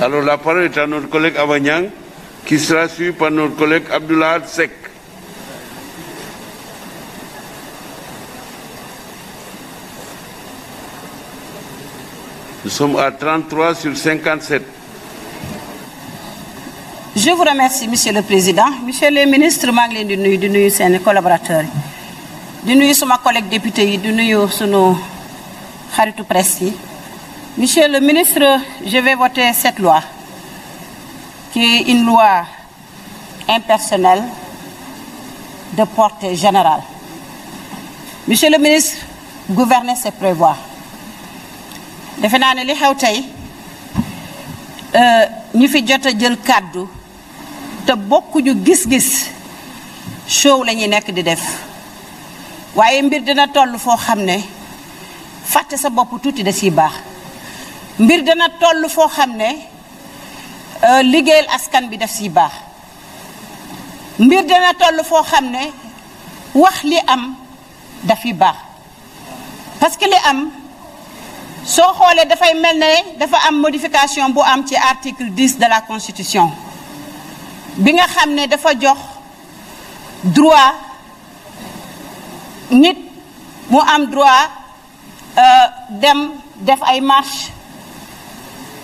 Alors la parole est à notre collègue Avagnan, qui sera suivi par notre collègue Abdullah Sek. Nous sommes à 33 sur 57. Je vous remercie, Monsieur le Président. Monsieur le ministre, maa nous Nui, di nuyu collaborateurs collègue député yi di nuyu collègue presse Monsieur le ministre, je vais voter cette loi, qui est une loi impersonnelle de portée générale. Monsieur le ministre, gouverner, c'est prévoir. Le naa et li xew nous euh, ñu fi jot de jël de te gis-gis show la ñuy de di def waaye mbir dina toll foo xam ne sa bopp mbir dana toll foo xam ne euh, liggéeyal askan bi def si baax mbir dana toll foo xam ne wax li am dafi baax parce que li am soo xoolee dafay mel ne dafa am modification bu am ci article 10 de la constitution bi nga xam ne dafa jox droit nit mu am droit euh, dem def ay marche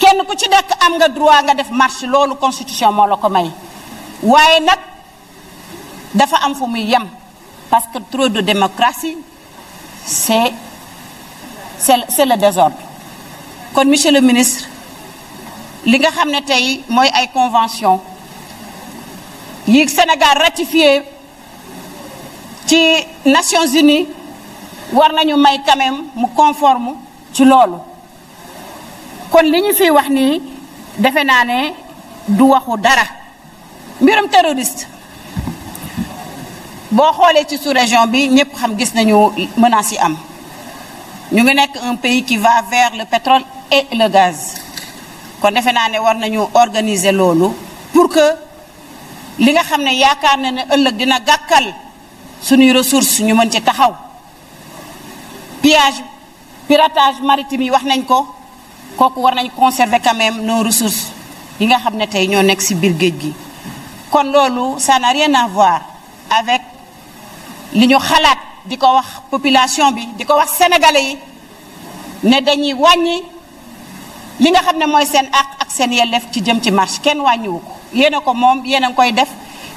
kenn ku ci nekk am nga droit nga def marche loolu constitution moo la ko may waaye nag dafa am fu muy yem parce que trop de démocratie c'est c'est le désordre kon monsieur le ministre li nga xam ne tey mooy ay convention yi Sénégal ratifié ci Nations Unies war nañu may quand même mu conforme ci loolu kon liñu fi wax ni defe naa ne du waxu dara mbirum terroriste bo xolé ci sous région bi ñëpp xam gis nañu menace yi am ñu ngi nek un pays qui va vers le pétrole et le gaz kon defe naa ne war nañu organiser lolu pour que li nga xamné yaakar na ne ëlëk dina gàkkal suñu ressources ñu mën ci taxaw piège piratage maritime yi wax nañ ko kooku war nañ conserver quand même nos ressources yi nga xam ne tey ñoo nekk ci biir géej gi kon loolu ça n'a rien avec li ñu xalaat di ko wax population bi di ko wax sénégalais yi ne dañuy wàññi li nga xam ne mooy seen àq ak seen yelleef ci jëm ci marché kenn wàññiwu ko yéen a ko moom yéen a ngi koy def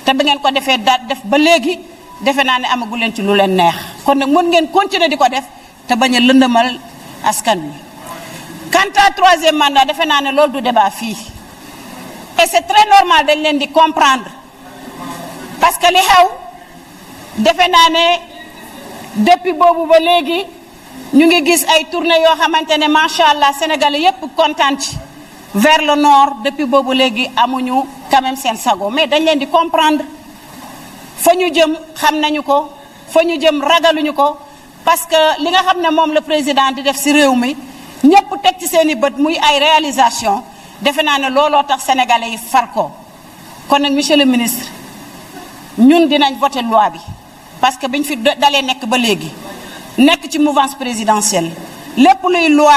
te bi ngeen ko defee da def ba léegi defe naa ne amagu leen ci lu leen neex kon nag mën ngeen continuer di ko def te bañ a lëndëmal askan wi quant à troisième mandat defe naa ne du débat fi et c'est très normal dañ leen di comprendre parce que li xew defe naa depuis bobu ba légui ñu ngi gis ay tournée yo xamantene ne macha allah Sénégalais yépp kontaan vers le nord depuis bobu légui amuñu quand même sen sago mais dañ leen di comprendre fa ñu jëm xamnañu ko fa ñu jëm ragaluñu ko parce que li nga xam mom le président di def ci réew mi ñëpp teg ci seen bëtt muy ay réalisation défé na né looloo tax sénégalais yi far ko kon nag monsieur le ministre ñun dinañ voter loi bi parce que biñ fi dalé nek ba légui nek ci mouvance présidentielle lepp luy loi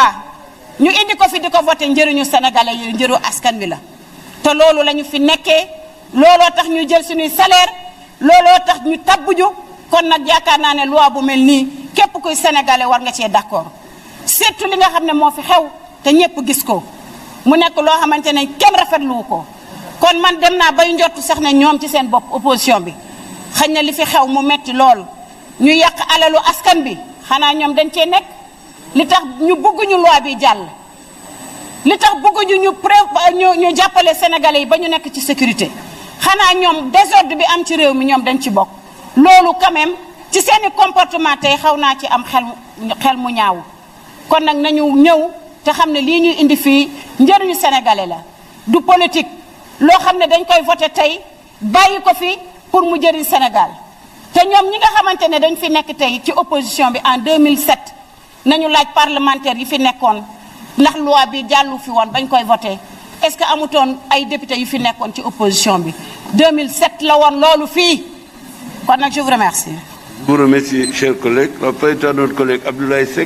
ñu indi ko fi diko voter voté njëriñu sénégalais yi njëru askan wi la té loolu lañu fi nekkee looloo tax ñu jël suñu salaire looloo tax ñu tabbuju kon nak yaakaar naa ne loi bu melni képp kuy sénégalais war nga ci d'accord surtout li nga xam ne moo fi xew te ñëpp gis ko mu nekk loo xamante ne kenn rafetlu ko kon man dem naa bay njottu sax ne ñoom ci seen bopp opposition bi xañ na li fi xew mu metti lool ñu yàq alalu askan bi xanaa ñoom dañ cee nekk li tax ñu bëgguñu loi bi jàll li tax bëgguñu ñu ñu ñu jàppale sénégalais yi ba ñu nekk ci sécurité xanaa ñoom désordre bi am ci réew mi ñoom dañ ci bokk loolu quand ci seeni comportement tey xaw naa ci am xel xel mu ñaaw kon nak nañu ñew te xam li lii ñuy indi fii njëriñu sénégalais la du politique lo xam dañ koy voter tay bayiko fi pour mu jëriñ Sénégal te ñom ñi nga xamante ne dañ fi nekk tay ci opposition bi en 2007 nañu laaj parlementaire yi fi nekkoon ndax loi bi jallu fi won bañ koy voter est-ce que amutoon ay député yi fi nekkoon ci opposition bi 2007 la won lolu fi kon nak je vous remercie. Je vous remercie, chers collègues. La parole est à notre collègue Abdoulaye Seck.